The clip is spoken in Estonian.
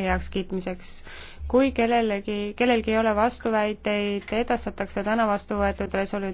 heakskiitmiseks. kui kellelegi, kellelgi ei ole vastuväiteid, edastatakse täna vastu võetud resolutsioon.